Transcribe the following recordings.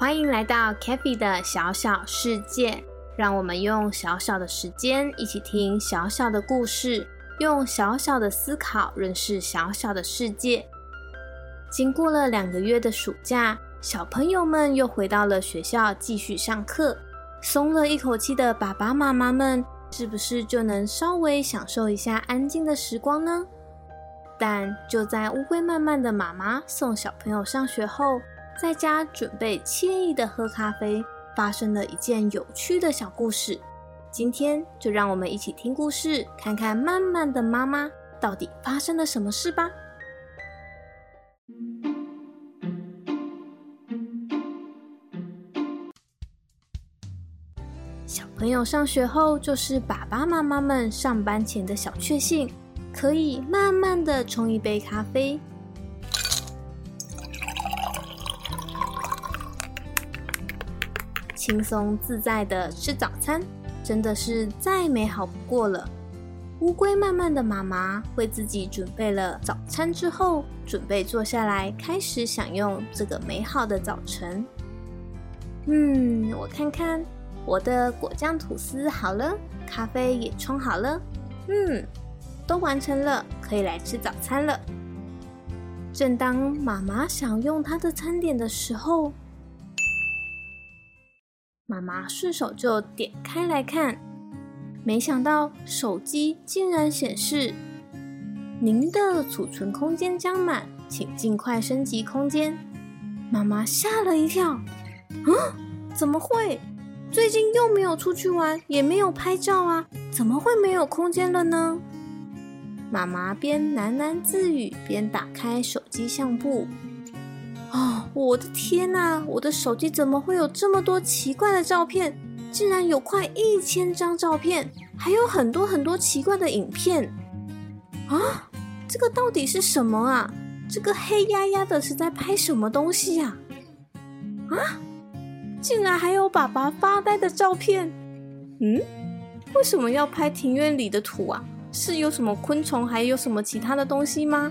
歡迎來到 Kathy 的小小世界，讓我們用小小的時間一起聽小小的故事，用小小的思考認識小小的世界。經過了兩個月的暑假，小朋友們又回到了學校繼續上課，鬆了一口氣的爸爸媽媽們，是不是就能稍微享受一下安靜的時光呢？但就在烏龜蔓蔓的媽媽送小朋友上學後，在家準備愜意的喝咖啡，發生了一件有趣的小故事。今天就讓我們一起聽故事，看看蔓蔓的媽媽到底發生了什麼事吧。小朋友上學後，就是爸爸媽媽們上班前的小確幸，可以慢慢的沖一杯咖啡。輕鬆自在地吃早餐，真的是再美好不過了。烏龜蔓蔓的媽媽為自己準備了早餐之後，準備坐下來開始享用這個美好的早晨。嗯，我看看，我的果醬吐司好了，咖啡也沖好了。嗯，都完成了，可以來吃早餐了。正當媽媽享用她的餐點的時候，媽媽順手就點開來看，沒想到手機竟然顯示：“您的儲存空間將滿，請盡快升級空間。”媽媽嚇了一跳，嗯，怎麼會？最近又沒有出去玩，也沒有拍照啊，怎麼會沒有空間了呢？媽媽邊喃喃自語，邊打開手機相簿。哦，我的天哪、啊！我的手機怎麼會有這麼多奇怪的照片？竟然有快一千張照片，還有很多很多奇怪的影片。啊，這個到底是什麼啊？這個黑壓壓的是在拍什麼東西呀、啊？啊，竟然還有爸爸發呆的照片。嗯，為什麼要拍庭院裡的土啊？是有什麼昆蟲，還有什麼其他的東西嗎？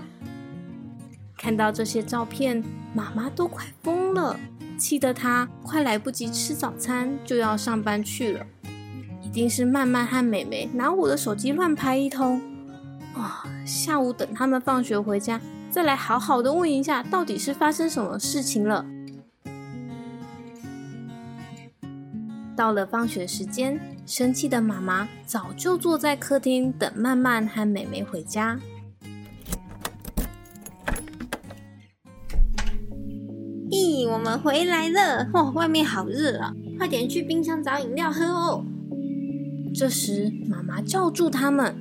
看到這些照片，媽媽都快瘋了，氣得她快來不及吃早餐就要上班去了。一定是蔓蔓和美美拿我的手機亂拍一通。啊、哦，下午等他們放學回家，再來好好的問一下，到底是發生什麼事情了。到了放學時間，生氣的媽媽早就坐在客廳等蔓蔓和美美回家。我們回來了！哦，外面好熱啊、哦！快點去冰箱找飲料喝哦。這時，媽媽叫住他們：“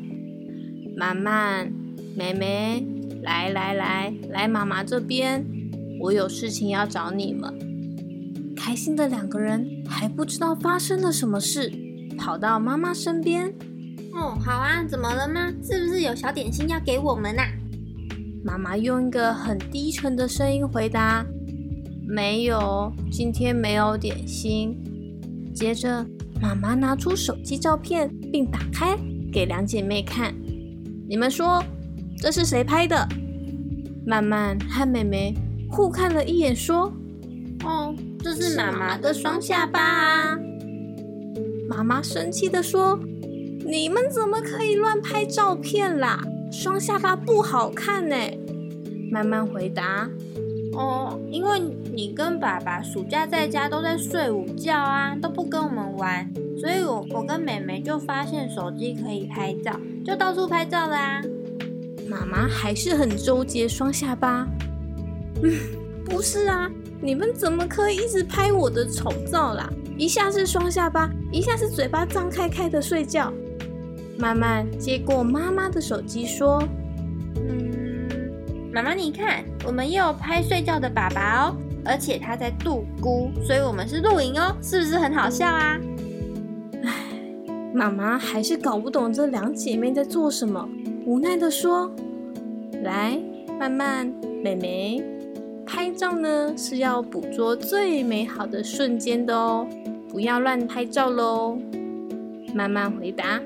蔓蔓、妹妹，來來來，來媽媽這邊，我有事情要找你們。”開心的兩個人還不知道發生了什麼事，跑到媽媽身邊。“哦，好啊，怎麼了嗎？是不是有小點心要給我們啊？”媽媽用一個很低沉的聲音回答。沒有，今天沒有點心。接着，媽媽拿出手機照片，並打開給兩姐妹看。你們說，這是誰拍的？蔓蔓和妹妹互看了一眼，說：“哦，這是媽媽的雙下巴。什麼的雙下巴？”媽媽生氣的說：“你們怎麼可以亂拍照片啦？雙下巴不好看呢。欸。”蔓蔓回答。哦，因為你跟爸爸暑假在家都在睡午覺啊，都不跟我們玩，所以我我跟妹妹就發現手機可以拍照，就到處拍照啦。媽媽還是很糾結雙下巴，嗯，不是啊，你們怎麼可以一直拍我的醜照啦？一下是雙下巴，一下是嘴巴張開開的睡覺。蔓蔓接過媽媽的手機說。媽媽，你看，我們又有拍睡覺的爸爸哦，而且他在度咕，所以我們是露營哦，是不是很好笑啊？唉，媽媽還是搞不懂這兩姐妹在做什麼，無奈地說：“來，蔓蔓，妹妹，拍照呢，是要捕捉最美好的瞬間的哦，不要亂拍照嘍。”蔓蔓回答，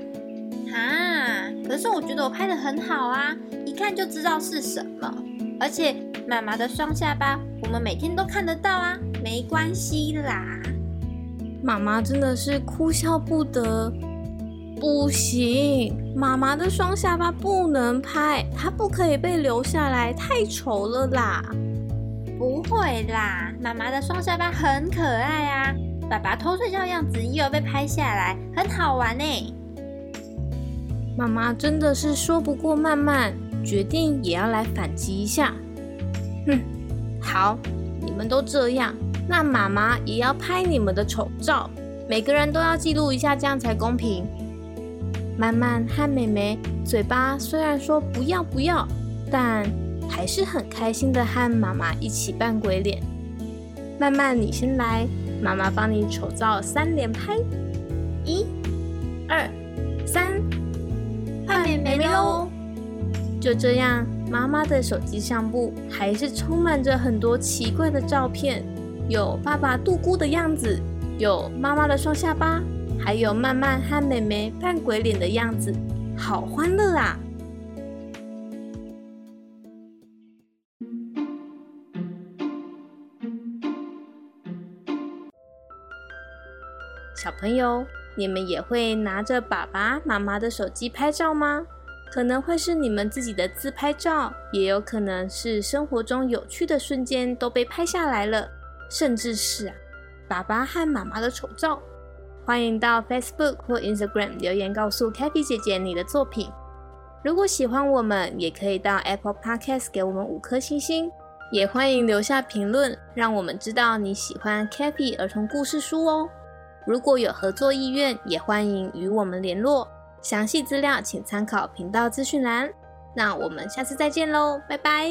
啊，可是我覺得我拍得很好啊。一看就知道是什麼，而且媽媽的雙下巴，我們每天都看得到啊，沒關係啦。媽媽真的是哭笑不得，不行，媽媽的雙下巴不能拍，它不可以被留下來，太醜了啦。不會啦，媽媽的雙下巴很可愛啊，爸爸偷睡覺樣子，又要被拍下來，很好玩呢、欸。媽媽真的是說不過蔓蔓，決定也要來反擊一下，哼！好，你們都這樣，那媽媽也要拍你們的醜照，每個人都要記錄一下，這樣才公平。蔓蔓和妹妹，嘴巴雖然說不要不要，但還是很開心的和媽媽一起扮鬼臉。蔓蔓，你先來，媽媽幫你醜照三連拍，一、二、三，換、哎哎、妹妹喲。就這樣，媽媽的手機相簿還是充滿着很多奇怪的照片，有爸爸嘟嘟的樣子，有媽媽的雙下巴，還有蔓蔓和美眉扮鬼臉的樣子，好歡樂啊！小朋友，你們也會拿着爸爸媽媽的手機拍照嗎？可能會是你們自己的自拍照，也有可能是生活中有趣的瞬間都被拍下來了，甚至是爸爸和媽媽的醜照。歡迎到 Facebook 或 Instagram 留言告訴 Kathy 姐姐你的作品。如果喜歡我們，也可以到 Apple Podcast 給我們五顆星星，也歡迎留下評論，讓我們知道你喜歡 Kathy 兒童故事書哦。如果有合作意願，也歡迎與我們聯絡。詳細資料請參考頻道資訊欄，那我們下次再見嘍，拜拜。